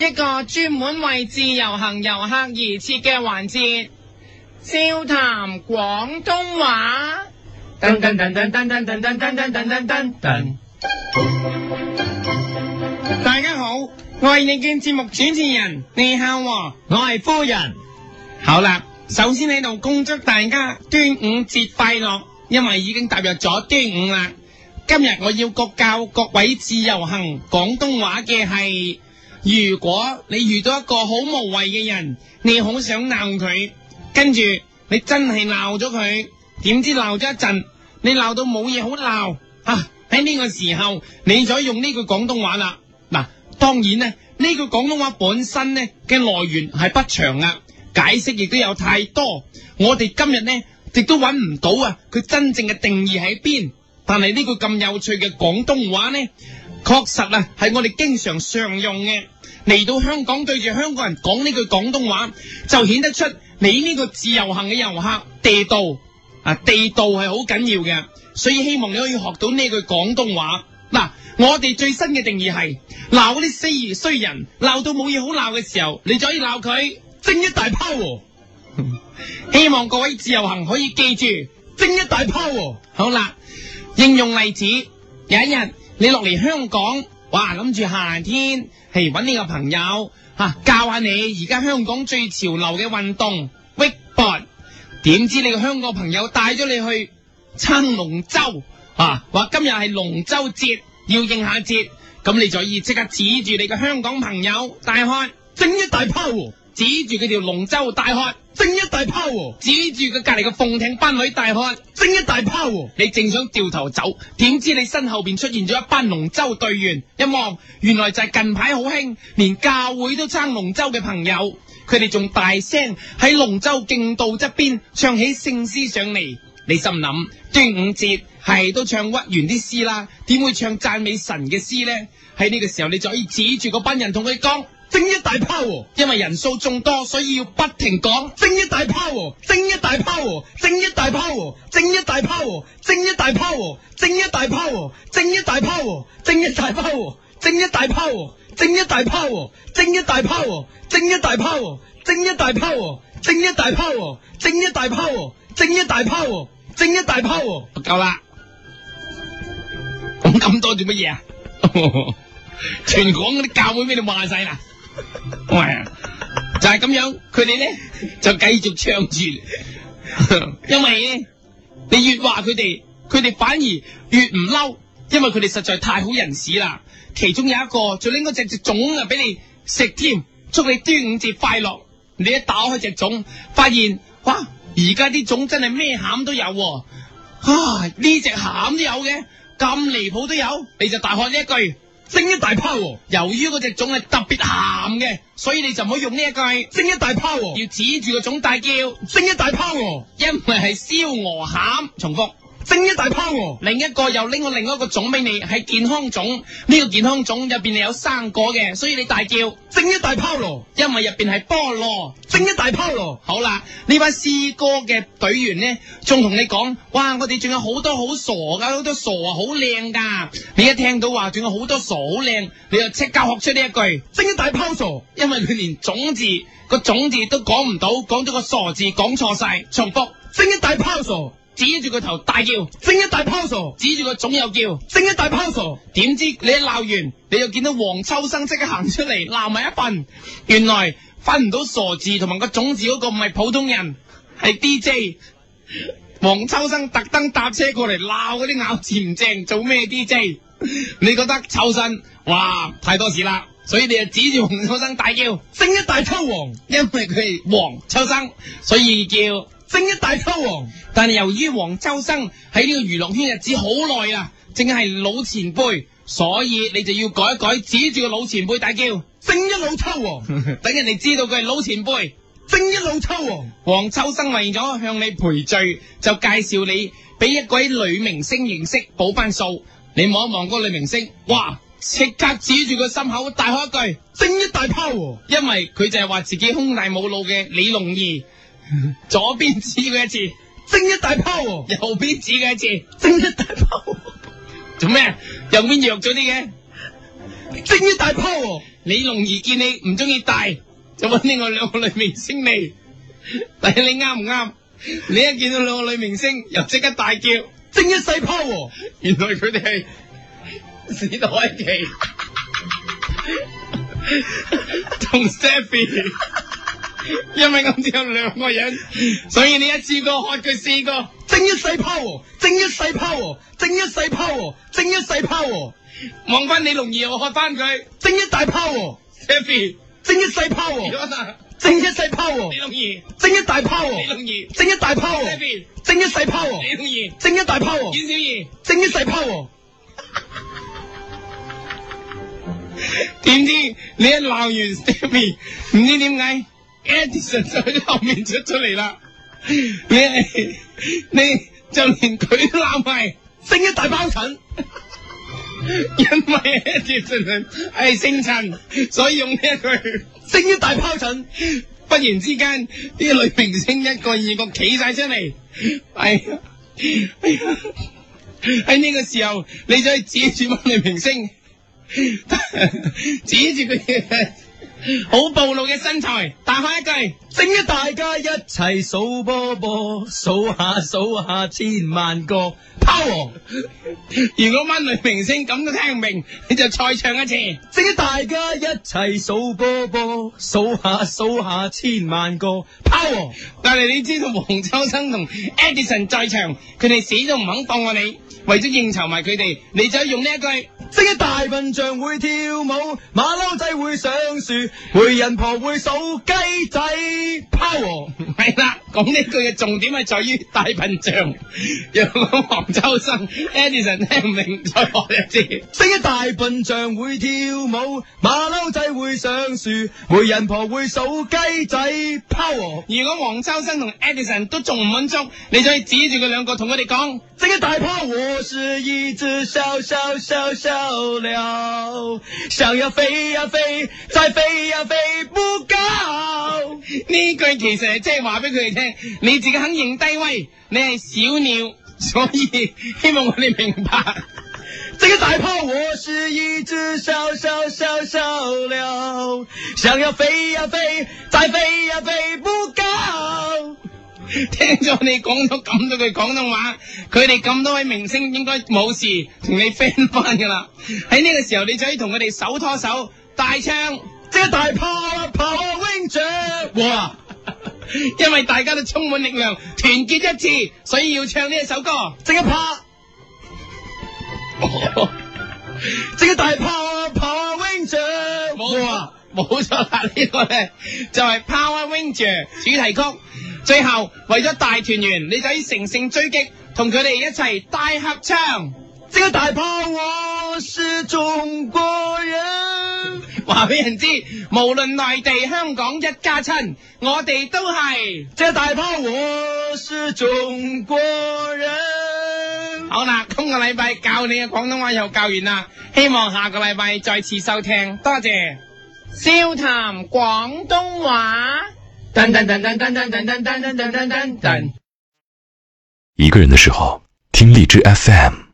一個專門為自由行遊客而設嘅環節，笑談廣東話。大家好，我係你見節目主持人你孝和，我係夫人。好啦，首先喺度恭祝大家端午節快樂，因為已經踏入咗端午啦。今日我要各教各位自由行廣東話嘅係。如果你遇到一個好無謂嘅人，你好想鬧佢，跟住你真係鬧咗佢，點知鬧咗一陣，你鬧到冇嘢好鬧啊！喺呢個時候，你再用呢句廣東話啦。嗱、啊，當然呢、啊，呢句廣東話本身呢嘅來源係不長啊，解釋亦都有太多，我哋今日呢，亦都揾唔到啊，佢真正嘅定義喺邊。但係呢句咁有趣嘅廣東話呢。確實啊，係我哋經常常用嘅。嚟到香港對住香港人講呢句廣東話，就顯得出你呢個自由行嘅遊客地道啊，地道係好緊要嘅。所以希望你可以學到呢句廣東話。嗱、啊，我哋最新嘅定義係鬧嗰啲衰衰人，鬧到冇嘢好鬧嘅時候，你就可以鬧佢正一大泡和。 希望各位自由行可以記住正一大泡和。好啦，應用例子有一日。你落嚟香港，哇諗住夏天，係搵呢個朋友吓、啊、教下你，而家香港最潮流嘅運動 wakeboard。點知你個香港朋友帶咗你去撐龍舟啊？話今日係龍舟節，要應下節，咁你就可以即刻指住你嘅香港朋友大漢整一大拋、哦。指住佢條龍舟大喝，正一大泡、哦；指住佢隔籬嘅鳳艇班女大喝，正一大泡、哦。你正想掉頭走，點知你身後邊出現咗一班龍舟隊員？一望，原來就係近排好興，連教會都撐龍舟嘅朋友。佢哋仲大聲喺龍舟競渡側邊唱起聖詩上嚟。你心諗，端午節係都唱屈原啲詩啦，點會唱讚美神嘅詩呢？喺呢個時候，你就可以指住嗰班人同佢講。整一大拋，因為人數眾多，所以要不停講。整一大拋，整一大拋，整一大拋，整一大拋，整一大拋，整一大拋，整一大拋，整一大拋，整一大拋，整一大拋，整一大拋，整一大拋，整一大拋，整一大泡，整一大泡，夠啦！講咁多做乜嘢啊 全港嗰啲教會俾你話晒啦！我、哎、呀，就係、是、咁樣，佢哋咧就繼續唱住， 因為你越話佢哋，佢哋反而越唔嬲，因為佢哋實在太好人士啦。其中有一個就拎咗隻隻粽啊，俾你食添，祝你端午節快樂。你一打開隻粽，發現哇，而家啲粽真係咩餡都有、哦，啊呢隻餡都有嘅，咁離譜都有，你就大喝一句。蒸一大泡，由於嗰隻粽係特別鹹嘅，所以你就唔可以用呢一句。蒸一大泡，要指住個粽大叫蒸一大泡。因為係燒鵝餡。重複。整一大泡哦，另一個又拎我另外一個種俾你，係健康種。呢個健康種入邊係有生果嘅，所以你大叫整一大泡羅，因為入邊係菠蘿。整一大泡羅，好啦，呢班詩歌嘅隊員呢，仲同你講，哇，我哋仲有好多好傻噶，好多傻好靚噶。你一聽到話仲有好多傻好靚，你就即刻學出呢一句，整一大泡傻，因為佢連種字個種字都講唔到，講咗個傻字講錯晒。重複，整一大泡傻。指住個頭大叫，整一大拋傻，指住個種又叫，整一大拋傻。點知你一鬧完，你又見到黃秋生即刻行出嚟鬧埋一份。原來分唔到傻字同埋個種字嗰個唔係普通人，係 D J。黃秋生特登搭車過嚟鬧嗰啲咬字唔正，做咩 D J？你覺得秋生？「哇，太多事啦！所以你就指住黃秋生大叫，整一大秋王，因為佢係黃秋生，所以叫。正一大抽王， 但係由於黃秋生喺呢個娛樂圈日子好耐啊，淨係老前輩，所以你就要改一改，指住個老前輩大叫正一老抽王，等人哋知道佢係老前輩，正一老抽王。黃秋生為咗向你賠罪，就介紹你俾一位女明星認識補翻數。你望一望嗰個女明星，哇！即刻指住個心口大開一句：「正一大炮王」。因為佢就係話自己胸大冇腦嘅李龍兒。.左邊指佢一次，正一大波；右邊指佢一次，正一大波。做咩？右邊弱咗啲嘅，正一大波。李龍儀見你唔中意大，就揾另外兩個女明星嚟。但係你啱唔啱？你一見到兩個女明星，又即刻大叫正一細波。原來佢哋係史泰琪同 Stephy。因為咁只有兩個人，所以你一次過喝佢四個，正一細泡喎。正一細泡喎。正一細泡喎。正一細泡喎。望翻你龍二，我喝翻佢，正一大泡喎。Stephy，正一細泡喎。正一細泡喎。李龍二，正一大泡喎。李龍二，正一大泡喎，Stephy，正一細泡喎。李龍二，正一大泡喎。簡小二，正一細泡喎。點知你一鬧完 Stephy，唔知點解？Edison 就喺後面出出嚟啦，你你，你就連佢都鬧埋，升一大包蠢， 因為 Edison 係姓陳，所以用呢一句升一大包蠢。忽然之間啲女明星一個二個企晒出嚟，係喺呢個時候你就再指住翻女明星，指住佢。好暴露嘅身材，大喊一句，正一大家一齊數波波，數下數下千萬個拋。Power 如果班女明星咁都聽唔明，你就再唱一次，正一大家一齊數波波，數下數下千萬個拋。Power， 但係你知道黃秋生同 Edison 在場，佢哋死都唔肯放過你，為咗應酬埋佢哋，你就用呢一句。正一大笨象會跳舞，馬騮仔會上樹，媒人婆會數雞仔拋哦，係啦。咁呢句嘅重點係在於大笨象， 如果黃秋生、Edison 聽唔明我，再學一次。正一大笨象會跳舞，馬騮仔會上樹，媒人婆會數雞仔 power。Power！如果黃秋生同 Edison 都仲唔滿足，你就再指住佢兩個同佢哋講。正一大炮，我是一隻小小小小鳥，想要飛呀飛再飛呀飛啊啊再不夠呢 句其實係即係話俾佢哋聽。你自己肯認低威，你係小鳥，所以希望我哋明白。 這個大炮，我是一隻小小小小鳥，想要飛呀、啊、飛，再飛呀、啊、飛不夠。 聽咗你講咗咁多句廣東話，佢哋咁多位明星應該冇事，同你 friend 翻噶啦。喺 呢個時候，你就可以同佢哋手拖手，大唱，這個大炮，炮 wing 住，哇！因為大家都充滿力量，團結一致，所以要唱呢一首歌，即刻拍，即刻 大炮 Power Winger 冇啊，冇錯啦。這個、呢個咧就係、是、Power Winger 主題曲。最後為咗大團圓，你就可以乘勝追擊，同佢哋一齊大合唱，即刻大炮，我是中國。話俾人知，無論內地、香港一家親，我哋都係。這大坡我是中國人。好啦，今個禮拜教你嘅廣東話又教完啦，希望下個禮拜再次收聽。多謝，笑談廣東話。等、等、等、等、等、等、等、等、等。噔噔噔噔。一個人嘅時候，聽荔枝 FM。